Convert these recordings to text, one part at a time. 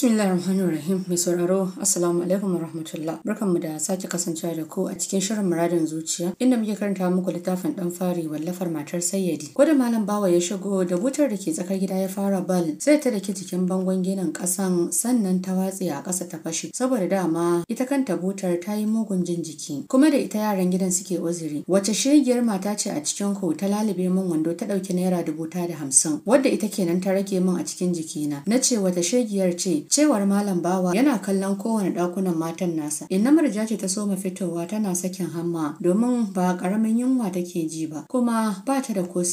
Bismillahirrahmanirrahim mai sauraro Assalamu alaikum warahmatullah. Barkanmu da sake kasancewa da ku a cikin shirin muradin zuciya inda muke karanta muku littafin dan fari wallafar matar Sayyadi. gwada malam bawa ya shigo da wutar da ke tsakar gida ya fara bal sai ta dake jikin bangon ginin kasan sannan ta watse a ƙasa ta fashe saboda dama ita kanta butar ta yi mugun jin jiki kuma da ita yaran gidan suke uzuri wace shegiyar mata ce a cikin ku ta lalube min wando ta ɗauki naira dubu ta da hamsin wadda ita kenan ta rage min a cikin jikina na ce wata shegiyar ce Cewar Malam Bawa yana kallon kowane dakunan matan nasa. Inna Marja ce ta soma fitowa tana sakin hamma domin ba karamin yunwa take ji ba kuma ba ta da ko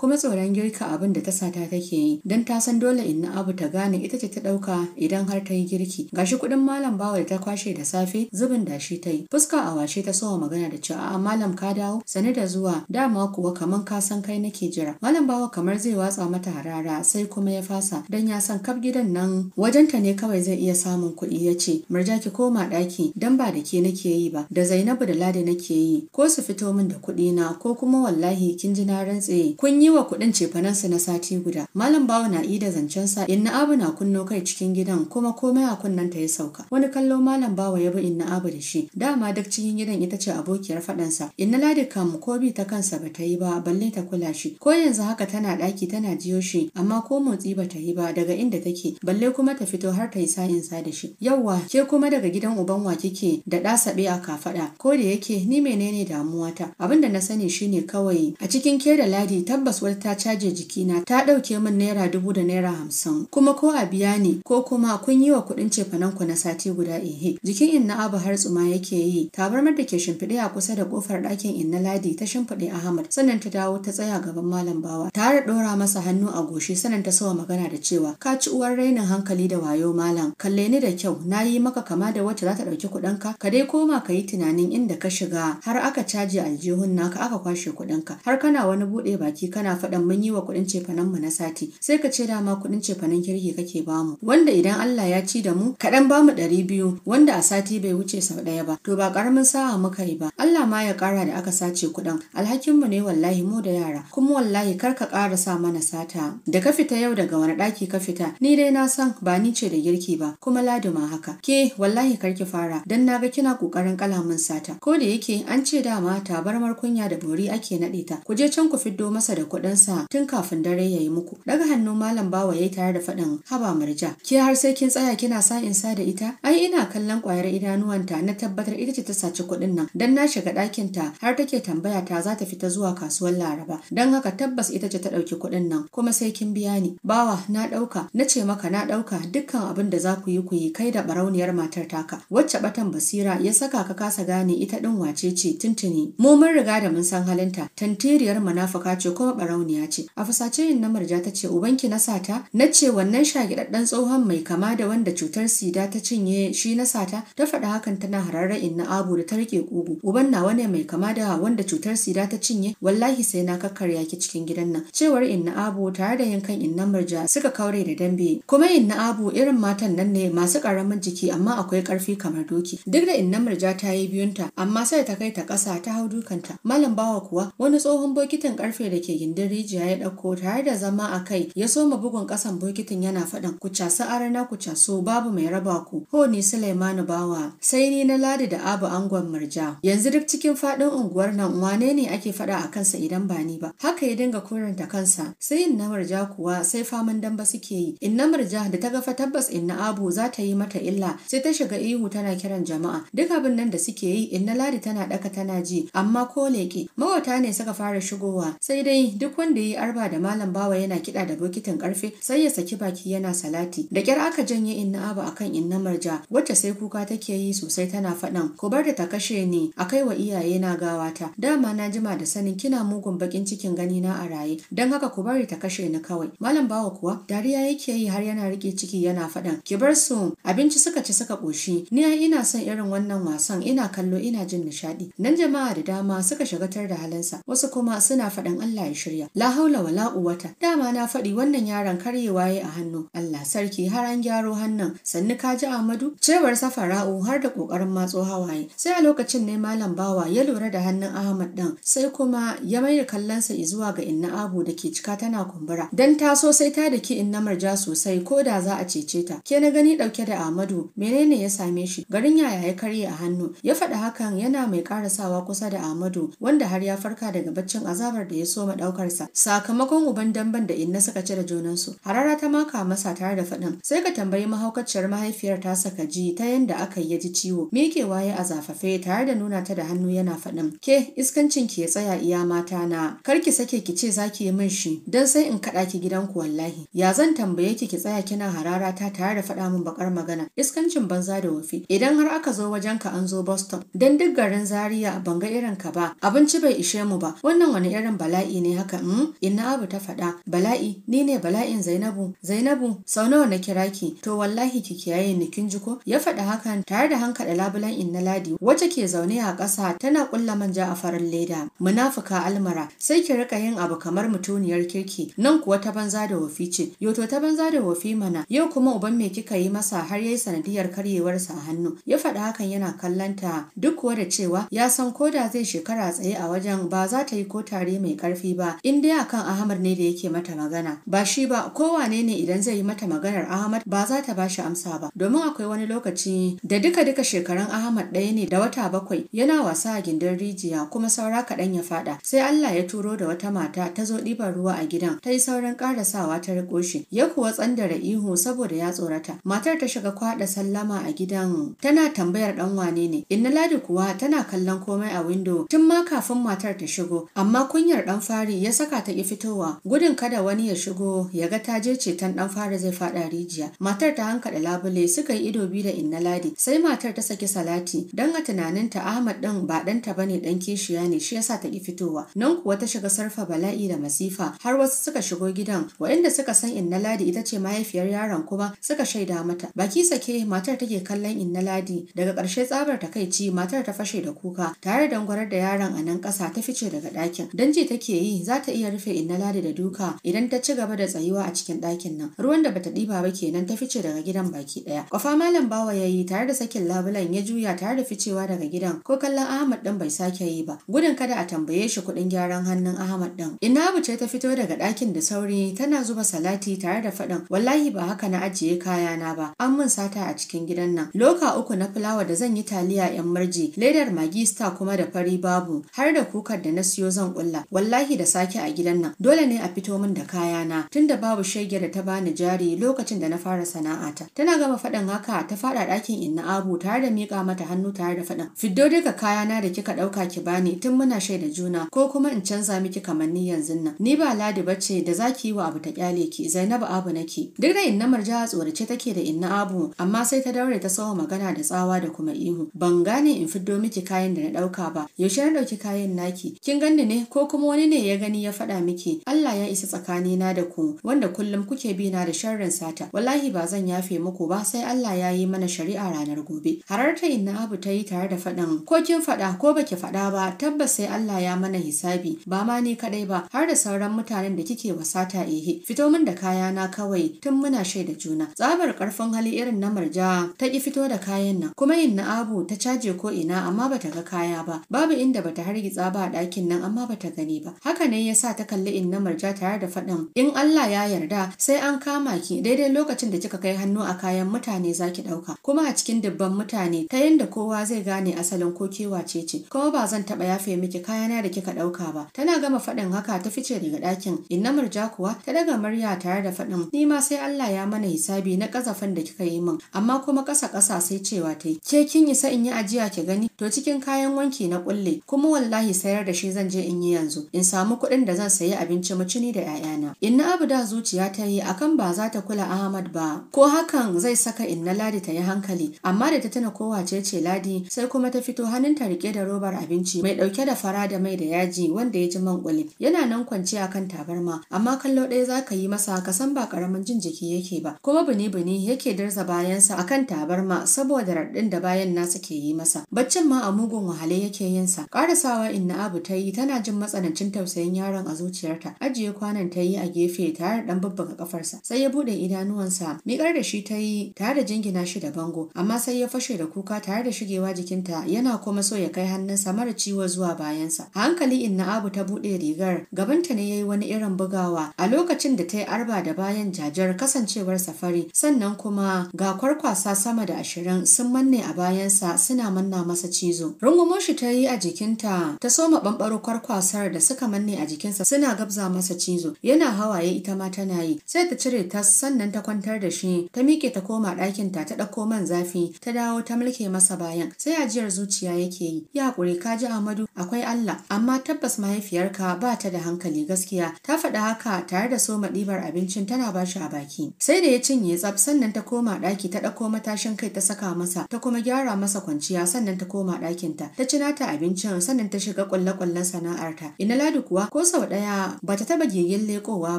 kuma tsoron girka abin da ta sata take yi don ta san dole Inna Abu ta gane ita ce ta ɗauka idan har ta yi girki. Gashi kuɗin Malam Bawa da ta kwashe da safe zubin da shi ta yi. Fuska a washe ta soma magana da cewa a'a Malam ka dawo Sani da zuwa dama kuwa kaman ka san kai nake jira. Malam Bawa kamar zai watsa mata harara sai kuma ya fasa don ya san kaf gidan nan wajen ta haka ne kawai zai iya samun kuɗi ya ce murja ki koma ɗaki dan ba da ke nake yi ba da zainabu da ladi nake yi ko su fito min da kuɗi na ko kuma wallahi kin ji na rantse kun yi wa kuɗin cefanansu na sati guda malam bawa na da zancen sa inna abu na kunno kai cikin gidan kuma komai a kunnen ta ya sauka wani kallo malam bawa ya bi inna abu da shi dama duk cikin gidan ita ce abokiyar faɗansa inna ladi kam ko bi ta kansa ba ta yi ba balle ta kula shi ko yanzu haka tana ɗaki tana jiyo shi amma ko motsi ba ta yi ba daga inda take balle kuma ta fito to har ta yi sa'in sa da shi yawwa ke kuma daga gidan uban wa kike da ɗa saɓe a kafaɗa ko da yake ni menene damuwata abin da na sani shine kawai a cikin ke da ladi tabbas wata ta caje jikina ta ɗauke min naira dubu da naira hamsin kuma ko a biya ni ko kuma kun yi wa kuɗin cefanen ku na sati guda ehe jikin inna abu har tsuma yake yi tabarmar da ke shimfiɗe a kusa da kofar ɗakin inna ladi ta shimfiɗe ahmad sannan ta dawo ta tsaya gaban malam bawa tare ɗora masa hannu a goshi sannan ta sawa magana da cewa ka ci uwar rainin hankali da waye wayo malam kalle ni da kyau na yi maka kama da wacce za ta ɗauki kuɗinka ka dai koma ka yi tunanin inda ka shiga har aka caji aljihun naka aka kwashe kuɗinka har kana wani buɗe baki kana faɗan mun yi wa kuɗin cefanen mu na sati sai ka ce dama kuɗin cefanen kirki kake bamu wanda idan Allah ya ci da mu kaɗan bamu ɗari biyu wanda a sati bai wuce sau ɗaya ba to ba ƙaramin sa'a muka yi ba Allah ma ya ƙara da aka sace kuɗin alhakinmu ne wallahi mu da yara kuma wallahi kar ka ƙara sa mana sata da ka fita yau daga wani ɗaki ka fita ni dai na san ba ni ce da girki ba kuma laduma haka ke wallahi kar ki fara dan naga kina kokarin kalamin sata ko da yake an ce dama tabarmar kunya da bori ake nade ta ku je can ku fiddo masa da kuɗin sa tun kafin dare yayi muku daga hannu malam bawa yayi tare da faɗin haba marja ke har sai kin tsaya kina sa in sa da ita ai ina kallon kwayar idanuwanta na tabbatar ita ce ta saci kuɗin nan dan na shiga ɗakin ta har take tambaya ta za ta fita zuwa kasuwar Laraba dan haka tabbas ita ce ta ɗauki kuɗin nan kuma sai kin biya ni bawa na ɗauka na ce maka na ɗauka duk dukkan abin da za ku yi ku yi kai da barauniyar matar taka wacce batan basira ya saka ka kasa gane ita din wace ce tuntuni mu mun riga da mun san halinta tantiriyar munafaka ce kuma barauniya ce a fusace yin na murja ta ce ubanki na sata na ce wannan shagidaddan tsohon mai kama da wanda cutar sida ta cinye shi na sata ta faɗi hakan tana hararra na abu da ta rike kugu uban nawa ne mai kama da wanda cutar sida ta cinye wallahi sai na kakkarya ki cikin gidan nan cewar inna abu tare da yankan inna murja suka kaure da dambe kuma inna abu irin matan nan ne masu ƙaramin jiki amma akwai ƙarfi kamar doki duk da inna murja ta yi biyunta amma sai ta kai ta ƙasa ta hau dukanta malam bawa kuwa wani tsohon bokitin ƙarfe da ke gindin rijiya ya ɗauko tare da zama a kai ya soma bugun ƙasan bokitin yana faɗan ku casu arana ku casu babu mai raba ku ho ni sulaimanu bawa sai ni na ladi da abu angon murja yanzu duk cikin faɗin unguwar nan wane ne ake faɗa a kansa idan ba ni ba haka ya dinga koranta kansa sai inna murja kuwa sai faman damba suke yi inna murja da ta gafa ta tabbas inna abu za ta yi mata illa sai ta shiga ihu tana kiran jama'a duk abin nan da suke yi inna ladi tana daka tana ji amma ko leƙe mawata ne suka fara shigowa sai dai duk wanda ya yi arba da malam bawa yana kiɗa da bokitin karfe sai ya saki baki yana salati da kyar aka janye inna abu akan inna marja wacce sai kuka take yi sosai tana faɗan ko bar da ta kashe ni a kai wa iyaye na gawata dama na jima da sanin kina mugun bakin cikin gani na a raye don haka ku bari ta kashe ni kawai malam bawa kuwa dariya yake yi har yana riƙe ciki yana yana faɗan ki bar su abinci suka ci suka ƙoshi ni ai ina son irin wannan wasan ina kallo ina jin nishaɗi nan jama'a da dama suka shagatar da halinsa wasu kuma suna faɗan Allah ya shirya la haula wala quwwata dama na faɗi wannan yaron karyewa yayi a hannu Allah sarki har an gyaro hannun sannu ka ji Ahmadu cewar Safara'u har da kokarin matso hawaye sai a lokacin ne malam bawa ya lura da hannun Ahmad ɗin sai kuma ya mai da ya zuwa ga inna abu da ke cika tana kumbura dan taso sai ta da ki inna marja sosai ko da za a ce cece ta ke na gani dauke da Ahmadu menene ya same shi garin yaya ya karye a hannu ya faɗi hakan yana mai karasawa kusa da amadu wanda har ya farka daga baccin azabar da ya soma daukar sa sakamakon uban damban da inna suka cire jonan su harara ta maka masa tare da faɗin sai ka tambayi mahaukaciyar mahaifiyar ta saka ji ta yanda aka yi ji ciwo miƙewa ya azafafe tare da nuna ta da hannu yana faɗin ke iskancin ki ya tsaya iya mata na kar ki sake ki ce zaki yi min shi dan sai in kaɗa ki gidan ku wallahi ya zan tambaye ki ki tsaya kina harara mata tare da faɗa min bakar magana iskancin banza da wofi idan har aka zo wajen ka an zo Boston Don duk garin Zaria ban ga irin ka ba abinci bai ishe mu ba wannan wani irin bala'i ne haka In hmm? inna abu ta faɗa bala'i ni ne bala'in Zainabu Zainabu sau nawa na kira ki to wallahi ki kiyaye ni kin ji ko ya faɗa hakan tare da hankaɗa labulan inna ladi wacce ke zaune a ƙasa tana ƙulla manja a farin leda munafuka almara sai ki rika yin abu kamar mutuniyar kirki nan kuwa ta banza da wofi ce yoto ta banza da wofi mana yau kuma kuma uban me kika yi masa har yayi sanadiyar karyewarsa a hannu ya faɗi hakan yana kallanta duk kuwa da cewa ya san ko da zai shekara tsaye a wajen ba za ta yi ko tare mai karfi ba in dai akan Ahmad ne da yake mata magana ba shi ba kowane ne idan zai yi mata maganar Ahmad ba za ta bashi amsa ba domin akwai wani lokaci da duka duka shekaran Ahmad ɗaya ne da wata bakwai yana wasa a gindin rijiya kuma saura kaɗan ya faɗa sai Allah ya turo da wata mata ta zo ɗiban ruwa a gidan ta yi sauran ƙarasawa ta riƙo shi ya kuwa tsandara ihu saboda da ya tsorata matar ta shiga kwaɗa sallama a gidan tana tambayar dan wane ne inna ladi kuwa tana kallon komai a windo tun ma kafin matar ta shigo amma kunyar ɗan fari ya saka ta ki fitowa gudun kada wani ya shigo ya ga ta je ceton ɗan fari zai faɗa rijiya matar ta hankada labule suka yi ido biyu da inna ladi sai matar ta saki salati Don a tunaninta Ahmad ɗin ba ba bane dan kishiya ne shi yasa ta ki fitowa nan kuwa ta shiga sarfa bala'i da masifa har wasu suka shigo gidan waɗanda suka san inna ladi ita ce mahaifiyar yaron ko kuma suka shaida mata baki sake matar take kallon inna ladi daga ƙarshe tsabar takaici matar ta fashe da kuka tare da dangwarar da yaron a nan ƙasa ta fice daga ɗakin dan ji take yi za ta iya rufe inna ladi da duka idan ta ci gaba da tsayuwa a cikin ɗakin nan ruwan da bata ɗiba ba kenan ta fice daga gidan baki ɗaya kwafa malam bawa ya yi tare da sakin labulan ya juya tare da ficewa daga gidan ko kallon ahmad ɗin bai sake yi ba gudun kada a tambaye shi kuɗin gyaran hannun ahmad ɗin inna abu ce ta fito daga ɗakin da sauri tana zuba salati tare da faɗin wallahi ba haka na ajiye kayana ba an mun sata a cikin gidan nan loka uku na fulawa da zan yi taliya yan marji ledar magista star kuma da fari babu har da kukar da na siyo zan kulla wallahi da sake a gidan nan dole ne a fito min da kayana tunda babu shege da ta bani jari lokacin da na fara sana'a ta. tana gama faɗin haka ta faɗa ɗakin inna abu tare da miƙa mata hannu tare da faɗin fiddo duka kayana da kika ɗauka ki bani tun muna shaida juna ko kuma in canza miki kamanni yanzu nan ni ba ladi bace da zaki yi wa abu ta kyale ki zainabu abu nake duk da inna marja ita tsorace take da inna abu amma sai ta daure ta sawa magana da tsawa da kuma ihu ban gane in fiddo miki kayan da na ɗauka ba yaushe na ɗauki kayan naki kin ganni ne ko kuma wani ne ya gani ya faɗa miki Allah ya isa tsakani na da ku wanda kullum kuke bi na da sharrin sata wallahi ba zan yafe muku ba sai Allah ya yi mana shari'a ranar gobe hararta inna abu ta yi tare da faɗin ko kin faɗa ko baki faɗa ba tabbas sai Allah ya mana hisabi ba ma ni kadai ba har da sauran mutanen da kike wasata ehe fito min da kaya na kawai tun muna shaida juna juna tsabar karfin hali irin na marja ta ki fito da kayan nan kuma yin na abu ta caje ko ina amma bata ga kaya ba babu inda bata hargi tsaba a ɗakin nan amma bata gani ba haka ne ya sa ta kalli in na marja tare da faɗin in Allah ya yarda sai an kama ki daidai lokacin da kika kai hannu a kayan mutane zaki ɗauka kuma a cikin dubban mutane ta yadda kowa zai gane asalin ko kewace ce kuma ba zan taɓa yafe miki kayana da kika ɗauka ba tana gama faɗin haka ta fice daga ɗakin inna marja kuwa ta daga murya tare da faɗin ni ma sai Allah ya mana hisabi na kazafan da kika yi min amma kuma kasa kasa sai cewa ta yi ke kin isa in yi ajiya ki gani to cikin kayan wanki na kulle kuma wallahi sayar da shi zan je in yi yanzu in samu kuɗin da zan sayi abinci mu da 'ya'yana inna abu da zuciya ta yi akan ba za ta kula Ahmad ba ko hakan zai saka inna Ladi ta yi hankali amma da ta tana kowace ce Ladi sai kuma ta fito hannun ta rike da robar abinci mai ɗauke da fara da mai da yaji wanda ya ji man kulle yana nan kwanciya kan tabarma amma kallo ɗaya za ka yi masa ka san ba karamin jin jiki yake ba kuma bini-bini yake dirza bayansa a kan tabarma saboda raɗin da bayan nasa ke yi masa baccin ma a mugun wahale yake yin yinsa ƙarasawa inna abu ta yi tana jin matsanancin tausayin yaron a zuciyarta ajiye kwanan ta yi a gefe tare da ɗan babbaga ƙafarsa sai ya buɗe idanuwansa miƙar da shi ta yi tare da jingina shi da bango amma sai ya fashe da kuka tare da shigewa jikinta yana kuma so ya kai hannunsa mara ciwo zuwa bayansa a hankali inna abu ta buɗe rigar gabanta ne ya yi wani irin bugawa a lokacin da ta yi arba da bayan jajar kasancewarsa fari sannan kuma ga kwarkwasa sama da ashirin sun manne a bayansa suna manna masa cizo rungumar shi ta yi a jikinta ta soma ɓamɓaro kwarkwasar da suka manne a jikinsa suna gabza masa cizo yana hawaye ita ma tana yi sai ta cire ta sannan ta kwantar da shi ta miƙe ta koma ɗakinta ta ɗauko man zafi ta dawo ta mulke masa bayan sai ajiyar zuciya yake yi ya ƙure ka ji ahmadu akwai Allah amma tabbas mahaifiyarka ba ta da hankali gaskiya ta faɗa haka tare da soma ɗibar abincin tana ba shi a baki sai da ya ya tsaf sannan ta koma ɗaki ta ɗauko matashin kai ta saka masa ta kuma gyara masa kwanciya sannan ta koma ɗakinta ta ci nata abincin sannan ta shiga ƙulle sana'ar sana'arta ina ladi kuwa ko sau ɗaya ba ta taɓa gegen lekowa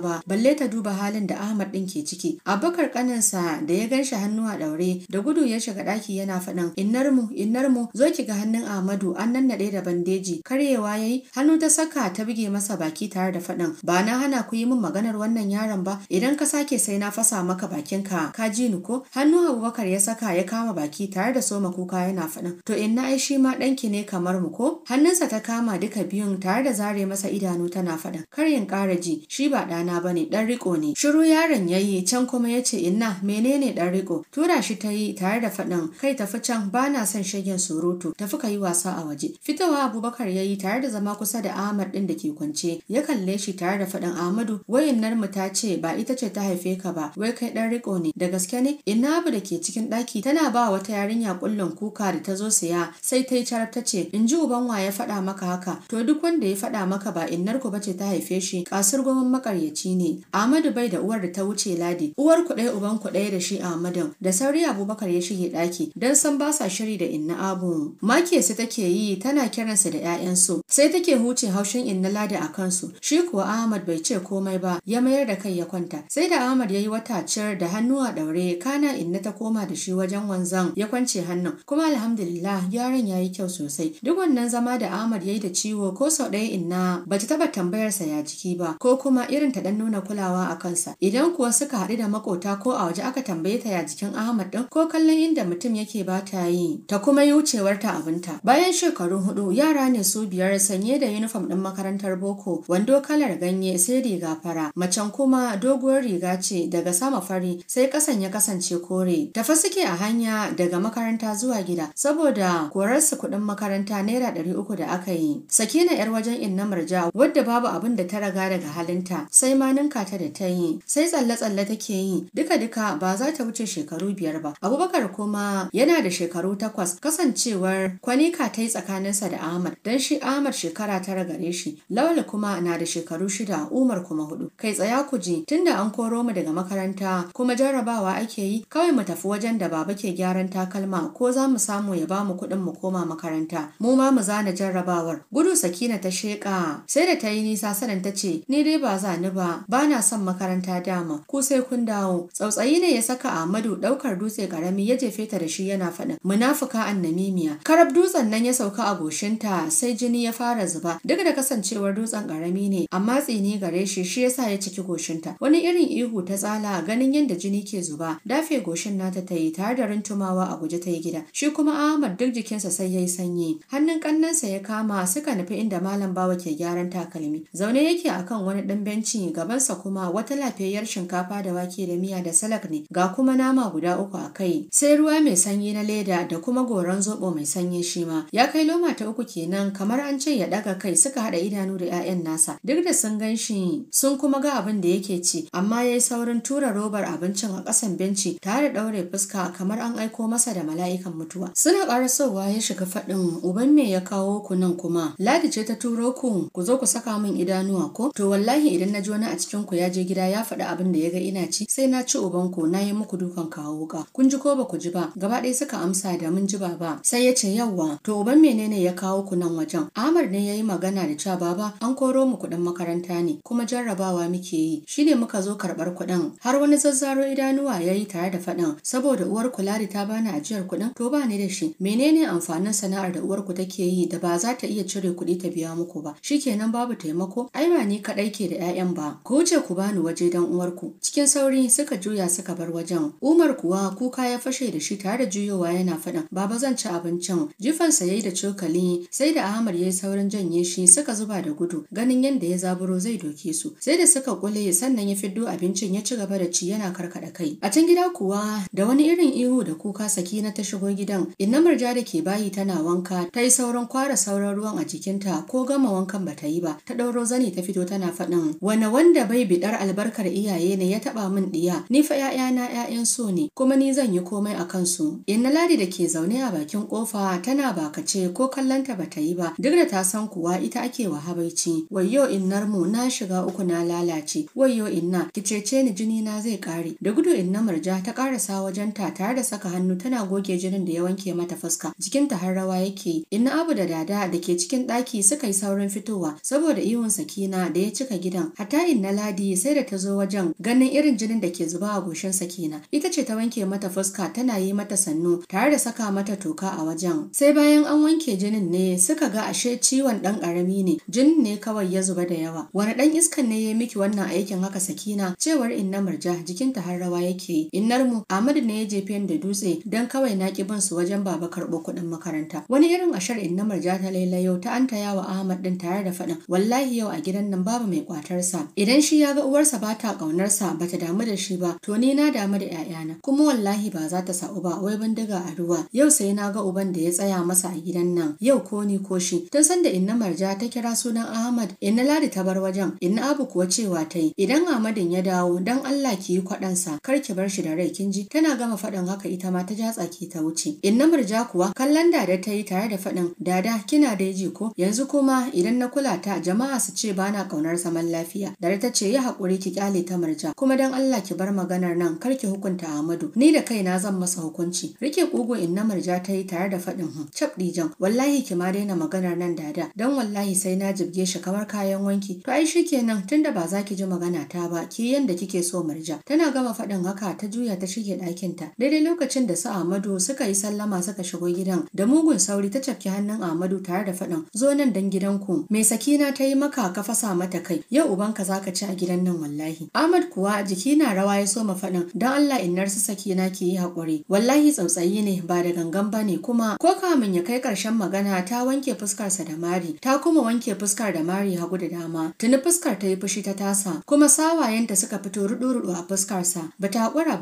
ba balle ta duba halin da ahmad ɗin ke ciki abubakar ƙaninsa da ya gan shi hannu a ɗaure da gudu ya shiga ɗaki yana faɗin innar mu innar mu zo ki ga hannun ahmadu an nan nannaɗe da bandeji karyewa yayi hannu ta saka ta buge masa baki tare da faɗin ba na hana ku yi min maganar wannan yaron ba idan ka sake sai na fasa maka Bakin ka ka ji ni ko hannu abubakar ya saka ya kama baki tare da soma kuka yana faɗin to inna na shi ma ɗanki ne kamar mu ko hannunsa ta kama duka biyun tare da zare masa idanu tana faɗin karyin ƙara ji shi ba ɗana ba ne ɗan riko ne shiru yaron ya yi can kuma ya ce inna menene ɗan riko tura shi ta yi tare da faɗin kai tafi can ba na son shagen surutu tafi ka yi wasa a waje fitowa abubakar ya yi tare da zama kusa da ahmad ɗin da ke kwance ya kalle shi tare da faɗin ahmadu wayan nan mu ta ce ba ita ce ta haife ka ba wai kai dan riko ne da gaske ne inna abu da ke cikin ɗaki tana ba wata yarinya kullun kuka da ta zo siya sai ta yi carar ta ce in ji uban wa ya faɗa maka haka to duk wanda ya faɗa maka ba innar ku bace ta haife shi kasar gwamnan makaryaci ne Ahmadu bai da uwar da ta wuce ladi uwar ku ɗaya uban ku ɗaya da shi ahmadu da sauri Abubakar ya shige ɗaki dan san ba sa shiri da inna abu make su take yi tana kiransa da 'ya'yansu sai take huce haushin inna ladi a kansu shi kuwa Ahmad bai ce komai ba ya mayar da kai ya kwanta sai da Ahmad ya wata cir rigar da hannu a ɗaure kana inna ta koma da shi wajen wanzan ya kwance hannun kuma alhamdulillah yaron ya yi kyau sosai duk wannan zama da Ahmad ya yi da ciwo ko sau ɗaya inna ba ta taɓa tambayarsa ya jiki ba ko kuma irin ta ɗan nuna kulawa a kansa idan kuwa suka haɗu da makota ko a waje aka tambaye ta ya jikin Ahmad ɗin ko kallon inda mutum yake ba ta yi ta kuma yi wucewar ta abinta bayan shekaru hudu yara ne su biyar sanye da yunifom ɗin makarantar boko wando kalar ganye sai riga fara macen kuma doguwar riga ce daga sama fara sai kasan ya kasance kore. tafi suke a hanya daga makaranta zuwa gida saboda korarsu kuɗin makaranta naira ɗari uku da aka yi. na ‘yar wajen inna marja wadda babu abin da ta raga daga halinta sai ma ninka ta da ta yi sai tsalle-tsalle take yi duka-duka ba za ta wuce shekaru biyar ba. Abubakar kuma yana da shekaru takwas kasancewar kwanika ta yi tsakaninsa da Ahmad dan shi Ahmad shekara tara gare shi Lawal kuma na da shekaru shida Umar kuma hudu. Kai tsaya ku je tunda an koro mu daga makaranta kuma jarrabawa ake yi kawai mu tafi wajen da baba ke gyaran takalma ko za mu samu ya ba mu kuɗin mu koma makaranta mu ma mu zana jarrabawar gudu sakina ta sheƙa sai da ta yi nisa sanin ta ce ni dai ba za ni ba ba na son makaranta dama ku sai kun dawo tsautsayi ne ya saka Ahmadu ɗaukar dutse ƙarami ya jefe ta da shi yana faɗin munafuka annamimiya karab dutsen nan ya sauka a goshinta sai jini ya fara zuba duk da kasancewar dutsen ƙarami ne amma tsini gare shi shi yasa ya ciki goshinta wani irin ihu ta tsala ganin ya da jini ke zuba dafe goshin nata ta yi tare da rintumawa a guje ta yi gida shi kuma Ahmad duk jikinsa sai ya yi sanyi hannun kannansa ya kama suka nufi inda malam bawa ke gyaran takalmi zaune yake akan wani ɗan benci gabansa kuma wata lafiyayyar shinkafa da wake da miya da salak ne ga kuma nama guda uku a kai sai ruwa mai sanyi na leda da kuma goran zobo mai sanyi shi ma ya kai loma ta uku kenan kamar an ce ya daga kai suka haɗa idanu da 'ya'yan nasa duk da sun ganshi sun kuma ga abin da yake ci amma ya yi saurin tura robar abincin a kasan benci tare da ɗaure fuska kamar an aiko masa da mala'ikan mutuwa. Suna ƙarasowa ya shiga faɗin uban me ya kawo ku nan kuma. Ladi ce ta turo ku ku zo ku saka min idanuwa ko? To wallahi idan na ji wani a cikin ku ya je gida ya faɗi abin da ya ga ina ci sai na ci uban ku na yi muku dukan kawo ka. Kun ji ko ba ku ji ba gaba ɗaya suka amsa da mun ji ba ba. sai ya ce yawwa to uban menene ya kawo ku nan wajen. Amar ne ya yi magana da cewa baba an koro mu kuɗin makaranta ne kuma jarrabawa muke yi shine muka zo karɓar kuɗin har wani zaro idanuwa ya yi tare da faɗin saboda uwar kula da ta bani ajiyar kuɗin to ba ni da shi menene amfanin sana'ar da uwarku take yi da ba za ta iya cire kuɗi ta biya muku ba shikenan babu taimako ai ba ni kaɗai ke da 'ya'yan ba ku wuce ku bani waje dan uwarku cikin sauri suka juya suka bar wajen umar kuwa kuka ya fashe da shi tare da juyowa yana faɗin baba zan ci abincin jifansa ya yi da cokali sai da ahmad ya yi saurin janye shi suka zuba da gudu ganin yadda ya zaburo zai doke su sai da suka kule sannan ya fiddo abincin ya ci gaba da ci yana karkaɗa kai a can gida kuwa da wani irin ihu da kuka saki na ta shigo gidan inna Marja da ke bayi tana wanka ta yi sauran kwara sauran ruwan a jikinta ko gama wankan ba ta yi ba ta ɗauro zani ta fito tana faɗin wanne wanda bai biɗar albarkar iyaye ne ya taɓa min ɗiya ni fa ‘ya'yana ‘ya'yan so ne kuma ni zan yi komai a kansu inna ladi da ke zaune a bakin ƙofa tana bakace ko kallonta ta yi ba duk da ta san kuwa ita ake wa habaici wayyo innar mu na shiga uku na lalace wayyo inna ki ni jini na zai kare da gudu inna murja ta karasa wajen ta tare da saka hannu tana goge jinin da ya wanke mata fuska jikinta har rawa yake inna abu da dada da ke cikin ɗaki suka yi saurin fitowa saboda ihun sakina da ya cika gidan hatta inna ladi sai da ta zo wajen ganin irin jinin da ke zuba a goshin sakina ita ce ta wanke mata fuska tana yi mata sannu tare da saka mata toka a wajen sai bayan an wanke jinin ne suka ga ashe ciwon ɗan karami ne jinin ne kawai ya zuba da yawa wani ɗan iskan ne ya miki wannan aikin haka sakina cewar inna murja jiki jikinta har rawa yake yi innar mu Ahmadu ne ya jefe ni da dutse dan kawai na ki bansu wajen baba karɓo kuɗin makaranta wani irin ashar inna marja ta yau ta anta yawa Ahmad din tare da faɗin wallahi yau a gidan nan babu mai kwatar sa idan shi ya ga uwarsa ba ta kaunar sa bata damu da shi ba to ni na damu da ƴaƴana kuma wallahi ba za ta sa'u ba wai bindiga a ruwa yau sai na ga uban da ya tsaya masa a gidan nan yau ko ni ko shi tun san da inna marja ta kira sunan Ahmad inna ladi ta bar wajen inna abu kuwa cewa ta yi idan Ahmadin ya dawo dan Allah ki yi kwaɗansa kar ki bar shi da rai kin ji tana gama faɗin haka ita ma ta ja tsaki ta wuce inna murja kuwa kallon dada ta yi tare da faɗin dada kina da ji ko yanzu kuma idan na kula ta jama'a su ce ba na ƙaunar zaman lafiya dada ta ce yi hakuri ki kyale ta murja kuma dan Allah ki bar maganar nan kar ki hukunta Ahmadu ni da kaina zan masa hukunci rike kogo inna murja ta yi tare da faɗin hu hm, ɗi dijan wallahi ki ma daina maganar nan dada dan wallahi sai na jibge shi kamar kayan wanki to ai shikenan tunda ba za ki ji magana ta ba ki yanda kike so murja tana Tana gama faɗin haka ta juya ta shige ɗakinta. Daidai lokacin da su Ahmadu suka yi sallama suka shigo gidan da mugun sauri ta cafke hannun Ahmadu tare da faɗin zo nan dan gidanku. Mai sakina ta yi maka ka fasa mata kai yau ubanka zaka ci a gidan nan wallahi. Ahmad kuwa jiki na rawa ya soma faɗin don Allah innar su sakina ke yi hakuri, Wallahi tsautsayi ne ba da gangan ba ne kuma ko kamin ya kai karshen magana ta wanke fuskarsa da mari ta kuma wanke fuskar da mari hagu da dama. Tuni fuskar ta yi fushi ta tasa kuma sawayenta suka fito ruɗu-ruɗu a fuskar fuskarsa ba ta haƙura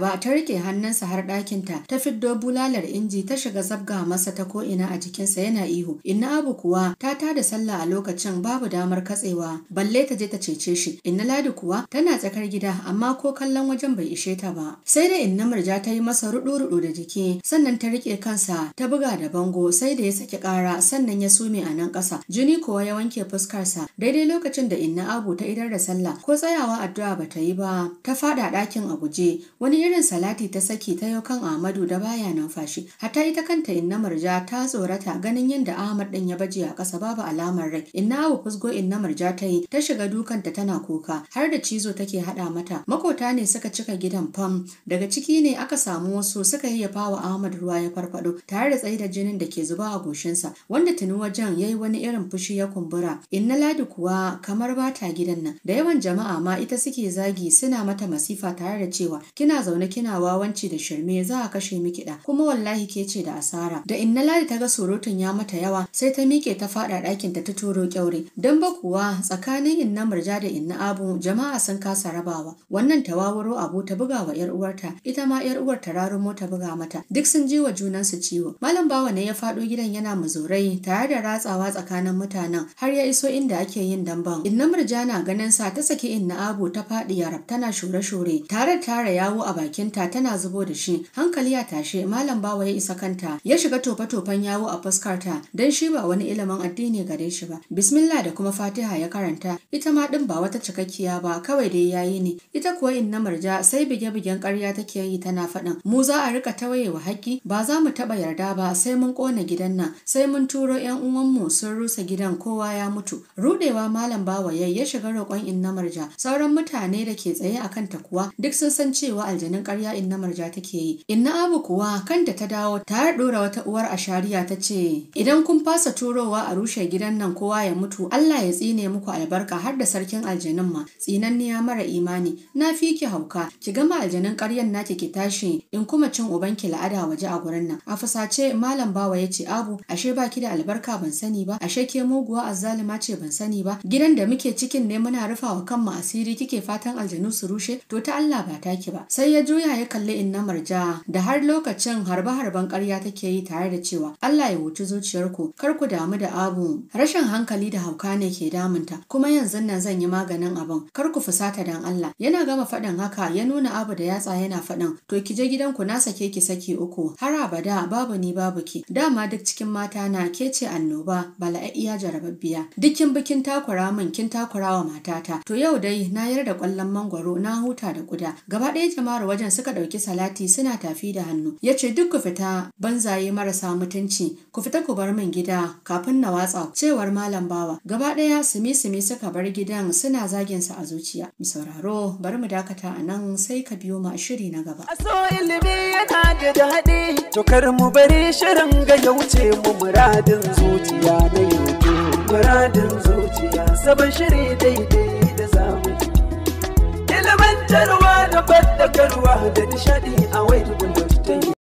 ba ta rike hannunsa har ɗakinta ta fiddo bulalar inji ta shiga zabga masa ta ko'ina a jikinsa yana ihu inna abu kuwa ta ta da sallah a lokacin babu damar katsewa balle ta je ta cece shi inna ladi kuwa tana tsakar gida amma ko kallon wajen bai ishe ta ba sai da inna murja ta yi masa ruɗu-ruɗu da jiki sannan ta rike kansa ta buga da bango sai da ya saki ƙara sannan ya sume a nan ƙasa jini kuwa ya wanke fuskarsa daidai lokacin da inna abu ta idar da sallah ko tsayawa addu'a bata ta yi ba ta fada ɗakin a guje wani irin salati ta saki ta yau kan Ahmadu da baya numfashi hatta ita kanta inna marja ta tsorata ganin yadda Ahmad ɗin ya baje a ƙasa babu alamar rai inna wa fusgo inna marja ta yi ta shiga dukanta tana kuka har da cizo take haɗa mata makota ne suka cika gidan fam daga ciki ne aka samu wasu suka yi yafa wa Ahmad ruwa ya farfaɗo? tare da tsaida jinin da ke zuba a goshinsa wanda tuni wajen ya yi wani irin fushi ya kumbura inna ladi kuwa kamar bata gidan nan da yawan jama'a ma ita suke za zagi suna mata masifa tare da cewa kina zaune kina wawanci da shirme za a kashe miki da kuma wallahi ke ce da asara da inna ladi ta ga surutun ya mata yawa sai ta miƙe ta faɗa ɗakin ta ta turo kyaure dan ba kuwa tsakanin inna murja da inna abu jama'a sun kasa rabawa wannan tawawuro abu ta buga wa yar uwarta ita ma yar uwar ta rarumo ta buga mata duk sun ji wa junansu ciwo malam bawa ne ya faɗo gidan yana muzurai tare da ratsawa tsakanin mutanen har ya iso inda ake yin damban inna murja na ganin sa ta saki inna abu ta faɗa yarab tana shure-shure tare tara yawo a bakinta tana zubo da shi hankali ya tashe malam bawa ya isa kanta ya shiga tofe tofan yawo a fuskarta don shi ba wani ilimin addini gare shi ba bismillah da kuma fatiha ya karanta ita ma din ba wata cikakkiya ba kawai dai yayi ne ita kuwa inna marja sai bige-bigen ƙarya take yi tana faɗin mu za a rika tawayewa haƙƙi ba za mu taɓa yarda ba sai mun ƙona gidan nan sai mun turo 'yan uwanmu sun rusa gidan kowa ya mutu rudewa malam bawa ya shiga roƙon inna marja sauran mutane mutane da ke tsaye a kanta kuwa duk sun san cewa aljanin ƙarya inna marja take yi inna abu kuwa kanta ta dawo ta ɗora wata uwar a Shari'a ta ce idan kun fasa turowa a rushe gidan nan kowa ya mutu Allah ya tsine muku albarka har da sarkin aljanin ma tsinanniya mara imani na fi ki hauka ki gama aljanin ƙaryan naki ki tashi in kuma cin ubanki la'ada waje a gurin nan a fusace malam bawa ya ce abu ashe ba ki da albarka ban sani ba ashe ke muguwa azzalima ce ban sani ba gidan da muke cikin ne muna rufawa kanmu asiri kike fata fatan aljanu su rushe to ta Allah ba take ba sai ya juya ya kalli inna marja da har lokacin harba harban ƙarya take yi tare da cewa Allah ya wuce ku kar ku damu da abu rashin hankali da hauka ne ke damunta kuma yanzu nan zan yi maganin abin kar ku fusata dan Allah yana gama faɗin haka ya nuna abu da yatsa yana faɗin to ki je gidanku na sake ki saki uku har abada babu ni babu ki dama duk cikin mata na ke ce annoba iya jarababbiya dukkin bikin takura min kin takura wa matata to yau dai na yarda kwallon kallon mangwaro na huta da kuda gaba ɗaya jama'ar wajen suka ɗauki salati suna tafi da hannu ya ce duk ku fita banzaye marasa mutunci ku fita ku bar min gida kafin na watsa cewar malam bawa gaba ɗaya sumi sumi suka bar gidan suna zagin sa a zuciya mu sauraro bari mu dakata a nan sai ka biyo mu a shiri na gaba aso ilimi yana da daɗi to mu bari shirin ga ya wuce mu muradin zuciya na yanzu muradin zuciya sabon shiri daidai ilmantarwa da fadakarwa da nishadi a wai tukun da ta yi